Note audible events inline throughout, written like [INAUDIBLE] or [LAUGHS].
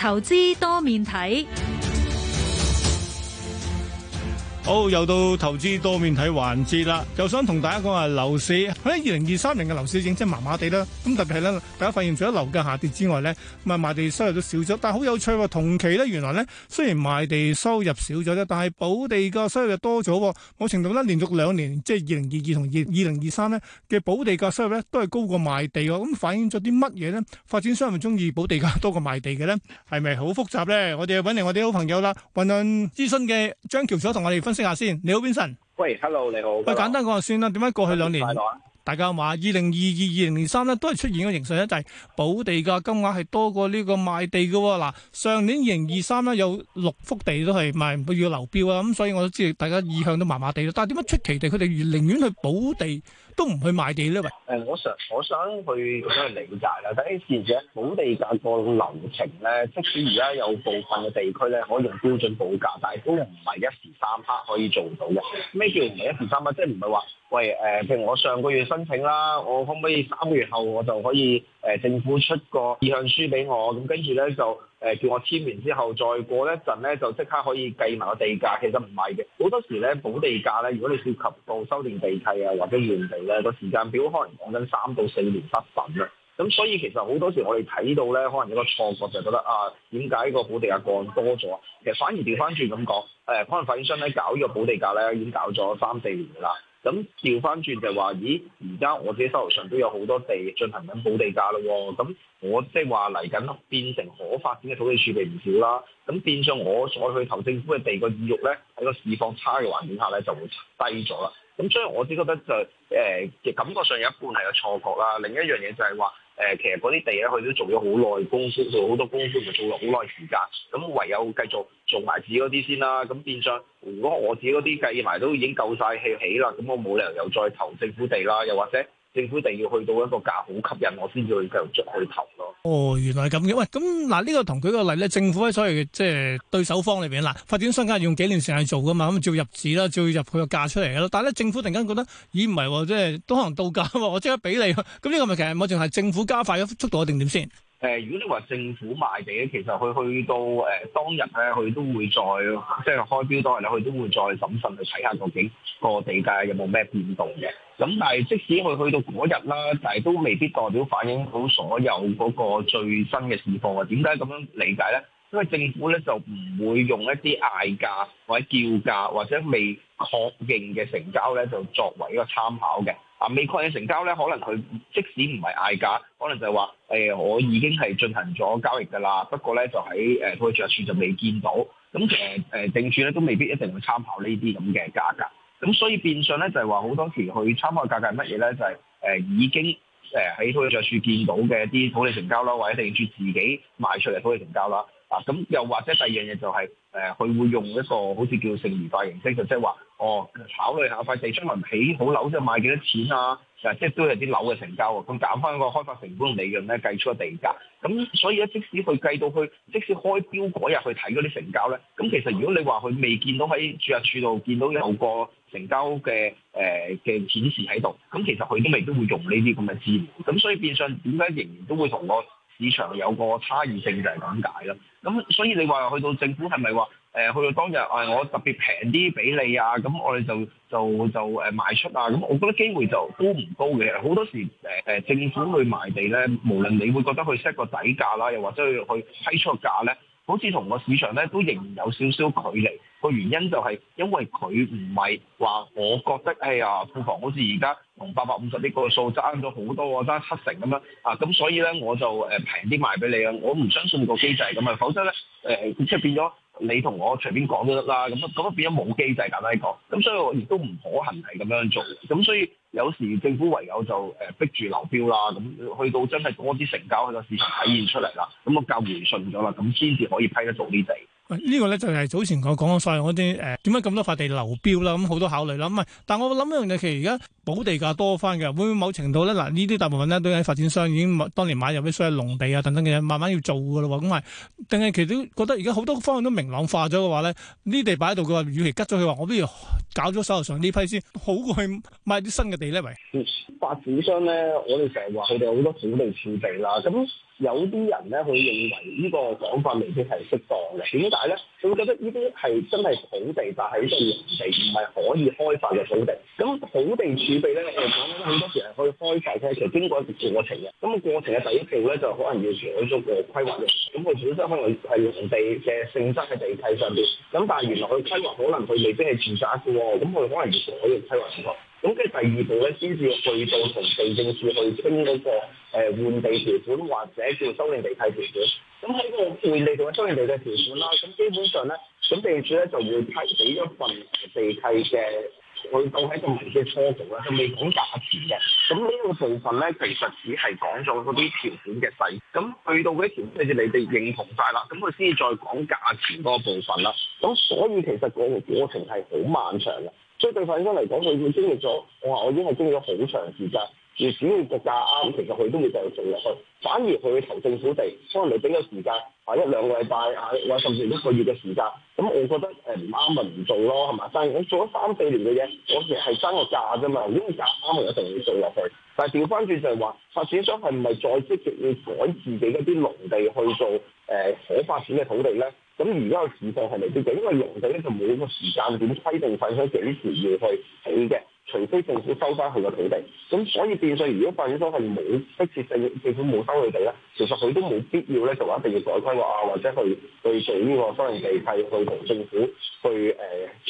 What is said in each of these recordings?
投資多面睇。好，oh, 又到投資多面睇環節啦。又想同大家講下樓市喺二零二三年嘅樓市整真麻麻地啦。咁特別係咧，大家發現除咗樓價下跌之外咧，唔係賣地收入都少咗。但係好有趣喎，同期咧原來咧，雖然賣地收入少咗啫，但係補地價收入又多咗。某程度咧連續兩年，即係二零二二同二零二三咧嘅補地價收入咧都係高過賣地㗎。咁反映咗啲乜嘢咧？發展商係咪中意補地價多過賣地嘅咧？係咪好複雜咧？我哋揾嚟我哋好朋友啦，泓亮諮詢嘅張翹楚同我哋。休息下先。你好，Winson？喂，Hello，你好。喂，Hello. 簡單講下先啦。點解過去兩年？ [MUSIC] 大家話二零二二、二零二三咧，都係出現個形勢一就係、是、補地價金額係多過呢個賣地嘅嗱、啊。上年二零二三咧有六幅地都係賣唔到要流標啦，咁、啊、所以我都知大家意向都麻麻地咯。但係點解出奇地佢哋寧願去補地都唔去賣地咧？喂，誒、嗯，我想我想去想去理解啦。第一，前者補地價個流程咧，即使而家有部分嘅地區咧，可以用標準補價，但係都唔係一時三刻可以做到嘅。咩叫唔係一時三刻？即係唔係話？喂，誒、呃，譬如我上個月申請啦，我可唔可以三個月後我就可以誒、呃、政府出個意向書俾我，咁跟住咧就誒、呃、叫我簽完之後，再過一陣咧就即刻可以計埋個地價。其實唔係嘅，好多時咧補地價咧，如果你涉及到修訂地契啊或者原地咧，個時間表可能講緊三到四年失準啦。咁所以其實好多時我哋睇到咧，可能有一個錯覺就覺得啊，點解個補地價降多咗？其實反而調返轉咁講，誒、呃，可能發展商咧搞個保呢個補地價咧，已經搞咗三四年啦。咁調翻轉就係話，咦？而家我自己手頭上都有好多地進行緊補地價咯，咁我即係話嚟緊變成可發展嘅土地儲備唔少啦，咁變相我再去投政府嘅地個意欲咧，喺個市況差嘅環境下咧，就會低咗啦，咁所以我只覺得就誒、是、嘅、呃、感覺上有一半係個錯覺啦，另一樣嘢就係話。誒、呃，其實嗰啲地咧，佢都做咗好耐功夫，好多功夫，咪做咗好耐時間。咁唯有繼續做埋自己嗰啲先啦。咁變相，如果我自己嗰啲計埋都已經夠晒氣起啦，咁我冇理由又再投政府地啦。又或者，政府一定要去到一個價好吸引我，先至去繼續去投咯。哦，原來係咁嘅。喂，咁嗱，呢、這個同佢個例咧，政府喺所謂即係對手方裏面。嗱、呃，發展商梗係用幾年時間做噶嘛，咁照入紙啦，照入佢個價出嚟噶啦。但係咧，政府突然間覺得，咦唔係，即係、哦、都可能到價喎，我即刻俾你。咁呢個咪其實我淨係政府加快咗速度定點先？誒、呃，如果你話政府賣地咧，其實佢去到誒、呃、當日咧，佢都會再即係開標當日咧，佢都會再審慎去睇下究竟個地價有冇咩變動嘅。咁但係即使佢去到嗰日啦，但係都未必代表反映到所有嗰個最新嘅市況啊。點解咁樣理解咧？因為政府咧就唔會用一啲嗌價或者叫價或者未確認嘅成交咧，就作為一個參考嘅。啊，未確認成交咧，可能佢即使唔係嗌價，可能就係話誒，我已經係進行咗交易㗎啦。不過咧，就喺誒土地著處就未見到。咁其實誒地政署咧都未必一定會參考呢啲咁嘅價格。咁所以變相咧就係話好多時佢參考嘅價格係乜嘢咧？就係、是、誒已經誒喺土地著處見到嘅啲土地成交啦，或者地政署自己賣出嚟土地成交啦。啊，咁又或者第二樣嘢就係、是，誒、呃，佢會用一個好似叫剩餘法形式，就即係話，哦，考慮下塊地將來起，起好樓，即係賣幾多錢啊？啊，即係都有啲樓嘅成交啊，咁減翻個開發成本同利潤咧，計出個地價。咁、啊、所以咧，即使佢計到去，即使開標嗰日去睇嗰啲成交咧，咁、啊、其實如果你話佢未見到喺註冊處度見到有個成交嘅誒嘅顯示喺度，咁、啊、其實佢都未必會用呢啲咁嘅資料。咁、啊、所以變相點解仍然都會同我？市場有個差異性，就係咁解啦，咁所以你話去到政府係咪話誒去到當日誒、哎、我特別平啲俾你啊？咁我哋就就就誒賣出啊？咁我覺得機會就都唔高嘅。好多時誒誒、呃、政府去賣地咧，無論你會覺得佢 set 個底價啦，又或者要去批出個價咧，好似同個市場咧都仍然有少少距離。個原因就係因為佢唔係話我覺得誒、哎、啊，庫房好似而家同八百五十億呢個數爭咗好多啊，爭七成咁樣啊，咁所以咧我就誒平啲賣俾你啊，我唔相信個機制咁啊，否則咧誒、呃、即係變咗你同我隨便講都得啦，咁啊咁啊變咗冇機制簡單啲講，咁所以我亦都唔可行係咁樣做，咁所以有時政府唯有就誒逼住流標啦，咁去到真係多啲成交，去、個市場體現出嚟啦，咁個價回順咗啦，咁先至可以批得到呢地。呢個咧就係早前我講晒嗰啲誒點解咁多塊地流標啦，咁好多考慮啦。咁係，但我諗一樣嘢，其實而家補地價多翻嘅，會唔會某程度咧嗱？呢啲大部分咧都喺發展商已經當年買入啲所謂農地啊等等嘅嘢，慢慢要做嘅咯喎。咁係，定係其實都覺得而家好多方向都明朗化咗嘅話咧，呢地擺喺度嘅話，與其吉咗，佢話我不如搞咗手頭上呢批先，好過去買啲新嘅地咧？咪發展商咧，我哋成日話佢哋好多土地儲備啦，咁。有啲人咧，佢認為呢個講法未必係適當嘅。點解咧？佢會覺得呢啲係真係土地，但係呢個農地唔係可以開發嘅土地。咁土地儲備咧，我哋講咧好多時係可以開發，其實經過一啲過程嘅。咁個過程嘅第一步咧，就可能要改咗個規劃嘅。咁佢本身可能係用地嘅性質嘅地契上邊，咁但係原來佢規劃可能佢未必係住宅嘅喎。咁佢可能要改個規劃先得。咁嘅第二步咧，先至去到同地政署去傾嗰、那個誒、呃、換地條款或者叫修訂地契條,、嗯、地條款。咁喺個換地嘅修訂地契條款啦，咁基本上咧，咁地政署咧就會批俾一份地契嘅，去到喺個文件嘅初稿啦，佢未講價錢嘅。咁呢個部分咧，其實只係講咗嗰啲條款嘅細。咁去到嗰啲條即係你哋認同晒啦，咁佢先至再講價錢嗰部分啦。咁所以其實個過程係好漫長嘅。所以對發展商嚟講，佢佢經歷咗，我話我已經係經歷咗好長時間，而只要個價啱，其實佢都會繼續做落去。反而佢會投政府地，可能你整個時間，啊一兩個禮拜，啊或甚至一個月嘅時間，咁我覺得誒唔啱咪唔做咯，係嘛？但係我做咗三四年嘅嘢，我其實係爭個價啫嘛，如果價啱，我一定要做落去。但係調翻轉就係話，發展商係唔係再積極要改自己一啲農地去做誒、呃、可發展嘅土地咧？咁而家個市場係咪先？因為用地咧就冇個時間點規定，發展幾時要去起嘅，除非政府收翻佢個土地。咁所以變相，如果發展商係冇迫切性，政府冇收佢地咧，其實佢都冇必要咧，就話一定要改規劃啊，或者去去做呢個收型地契，去同政府去誒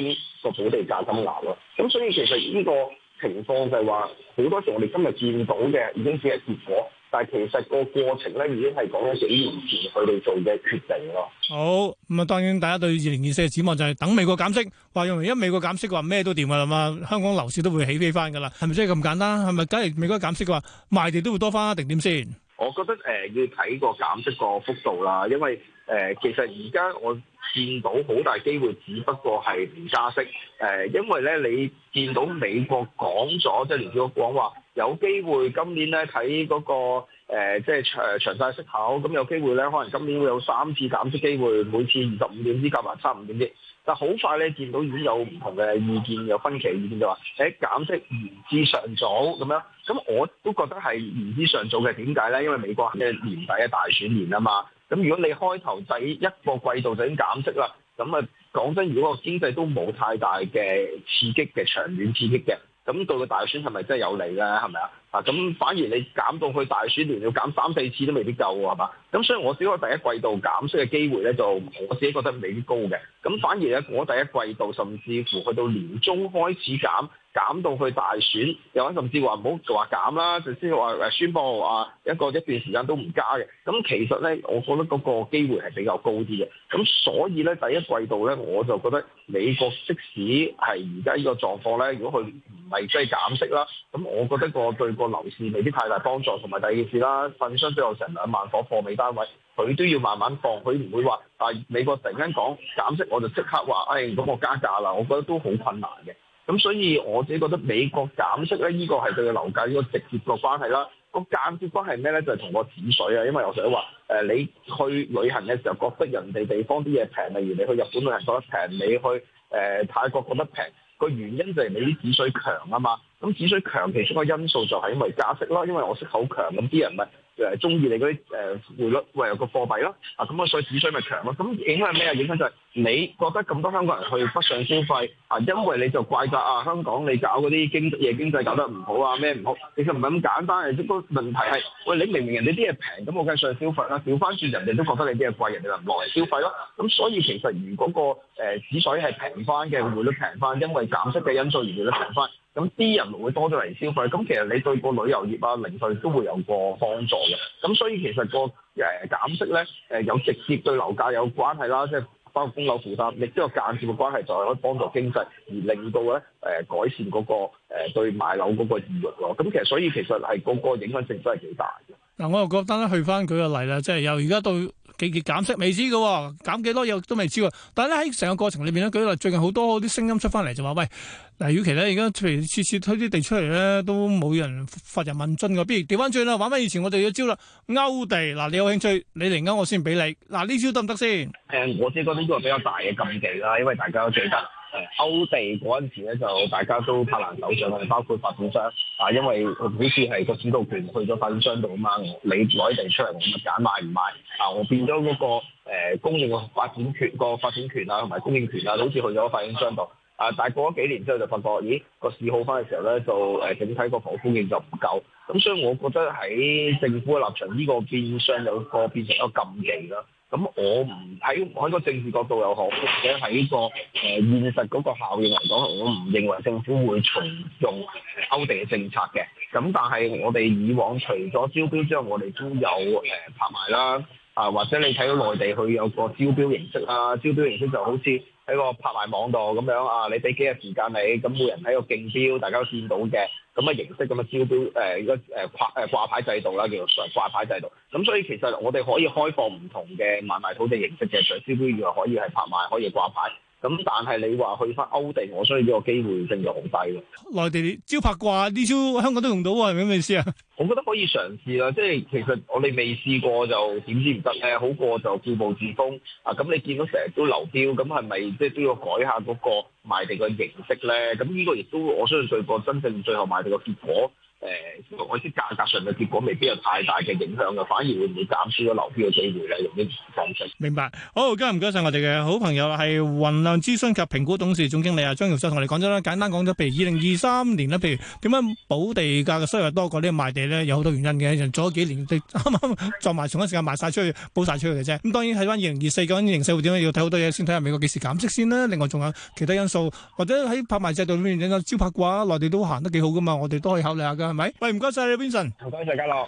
傾、呃、個土地價金額咯。咁所以其實呢個情況就係話，好多時我哋今日見到嘅已經只係結果。但係其實個過程咧已經係講咗幾年前佢哋做嘅決定咯。好咁啊！當然大家對二零二四嘅展望就係等美國減息，話用而家美國減息嘅話咩都掂㗎啦嘛，香港樓市都會起飛翻㗎啦，係咪真係咁簡單？係咪梗係美國減息嘅話賣地都會多翻啊？定點先？我覺得誒、呃、要睇個減息個幅度啦，因為誒、呃、其實而家我。見到好大機會，只不過係唔加息。誒、呃，因為咧，你見到美國講咗，即係聯儲局講話有機會今年咧睇嗰個誒、呃，即係長長曬息口。咁有機會咧，可能今年會有三次減息機會，每次二十五點之減或三五點之。但好快咧，見到已經有唔同嘅意見，有分歧意見，已經就話誒減息唔知上早咁樣。咁我都覺得係唔知上早嘅。點解咧？因為美國係年底嘅大選年啊嘛。咁如果你開頭第一個季度就已經減息啦，咁啊講真，如果個經濟都冇太大嘅刺激嘅長遠刺激嘅，咁到個大選係咪真係有利咧？係咪啊？啊咁反而你減到去大選年要減三四次都未必夠喎，係嘛？咁所以我自己第一季度減息嘅機會咧，就我自己覺得未必高嘅。咁反而咧，我第一季度甚至乎去到年中開始減。減到去大選，又或者甚至話唔好話減啦，就先話誒宣佈話一個一段時間都唔加嘅。咁其實咧，我覺得嗰個機會係比較高啲嘅。咁所以咧，第一季度咧，我就覺得美國即使係而家呢個狀況咧，如果佢唔係即係減息啦，咁、欸、我覺得個對個樓市未必太大幫助。同埋第二件事啦，發展商都有成兩萬個貨尾單位，佢都要慢慢放，佢唔會話啊美國突然間講減息，我就即刻話誒咁我加價啦。我覺得都好困難嘅。咁所以我自己覺得美國減息咧，依、這個係對個樓價依個直接個關係啦。這個間接關係咩咧？就係、是、同個紙水啊。因為我想話誒，你去旅行嘅時候覺得人哋地方啲嘢平，例如你去日本旅行覺得平，你去誒、呃、泰國覺得平，個原因就係你啲紙水強啊嘛。咁紙水強，其中個因素就係因為加息咯，因為我息口強，咁啲人咪。誒中意你嗰啲誒匯率為個貨幣咯啊，咁啊所以紙水咪強咯，咁影響係咩啊？影響就係你覺得咁多香港人去北上消費啊，因為你就怪責啊香港你搞嗰啲經嘢經濟搞得唔好啊咩唔好，其實唔係咁簡單，係嗰個問題係，喂，你明明人哋啲嘢平，咁我梗係上去消費啦，調翻轉人哋都覺得你啲嘢貴，人哋就唔落嚟消費咯，咁所以其實如果、嗰個誒紙水係平翻嘅匯率平翻，因為減息嘅因素而匯率平翻。咁啲人會多咗嚟消費，咁其實你對個旅遊業啊、零售都會有個幫助嘅。咁所以其實個誒減息咧，誒有直接對樓價有關係啦，即係包括供樓負擔，亦都有間接嘅關係，就係可以幫助經濟，而令到咧誒、呃、改善嗰、嗰個誒、呃、對買樓嗰個意欲咯。咁其實所以其實係嗰個影響性都係幾大嘅。嗱、啊，我又覺得咧，去翻佢個例啦，即係由而家到幾次減息未知嘅，啊，減幾多又都未知嘅。但係咧喺成個過程裏邊咧，舉例最近好多啲聲音出翻嚟就話喂，嗱，與其咧而家譬如次次推啲地出嚟咧，都冇人發人問津嘅，不如調翻轉啦，玩翻以前我哋有招啦，勾地。嗱，啊，你有興趣，你嚟勾我先俾你嗱。呢、啊、招得唔得先？誒、嗯，我先覺得呢個比較大嘅禁忌啦，因為大家都最得。勾、呃、地嗰陣時咧，就大家都拍爛手掌啊，包括發展商，啊，因為好似係個指導權去咗發展商度啊嘛，你攞地出嚟，我咪揀買唔買啊？我變咗嗰、那個誒供應個發展權、個發展權啊，同埋供應權啊，都好似去咗發展商度啊。但係過咗幾年之後，就發覺，咦，個市好返嘅時候咧，就誒、呃、整體個房屋供應就唔夠，咁所以我覺得喺政府嘅立場，呢、這個變相有個變成一個禁忌咯。咁、嗯、我唔喺喺個政治角度又好，或者喺個誒、呃、現實嗰個效應嚟講，我唔認為政府會重用勾地嘅政策嘅。咁但係我哋以往除咗招標之外，我哋都有誒拍賣啦。啊，或者你睇到內地佢有個招標形式啊，招標形式就好似喺個拍賣網度咁樣啊，你俾幾日時間你咁，每人喺個競標，大家都見到嘅。咁嘅形式，咁嘅招標誒，如果誒掛誒掛牌制度啦，叫做掛牌制度。咁所以其實我哋可以開放唔同嘅買賣土地形式嘅，除招標以外，可以係拍賣，可以掛牌。咁但係你話去返歐地，我相信呢個機會性就好低嘅。內地招拍掛啲招，香港都用到啊，係咪咁意思啊？ [LAUGHS] 我覺得可以嘗試啦，即係其實我哋未試過就點知唔得咧。好過就固步自封啊！咁你見到成日都流標，咁係咪即係都要改下嗰個賣地嘅形式咧？咁呢個亦都我相信，最後真正最後賣地嘅結果。誒，我知價格上嘅結果未必有太大嘅影響嘅，反而會唔會減少咗流標嘅機會咧？用啲方式。明白。好，今日唔該曬我哋嘅好朋友係泓亮諮詢及評估董事總經理啊張翹楚，同我哋講咗啦，簡單講咗，譬如二零二三年咧，譬如點樣補地價嘅收入多過呢個賣地咧，有好多原因嘅。人做咗幾年，啱啱作賣，同一時間賣晒出去，補晒出去嘅啫。咁當然睇翻二零二四嗰陣形勢會點咧，要睇好多嘢先睇下美國幾時減息先啦。另外仲有其他因素，或者喺拍賣制度裏面整個招拍嘅話，內地都行得幾好噶嘛，我哋都可以考慮下噶。係咪？喂，唔該曬你，Vincent。唔該，大家樂。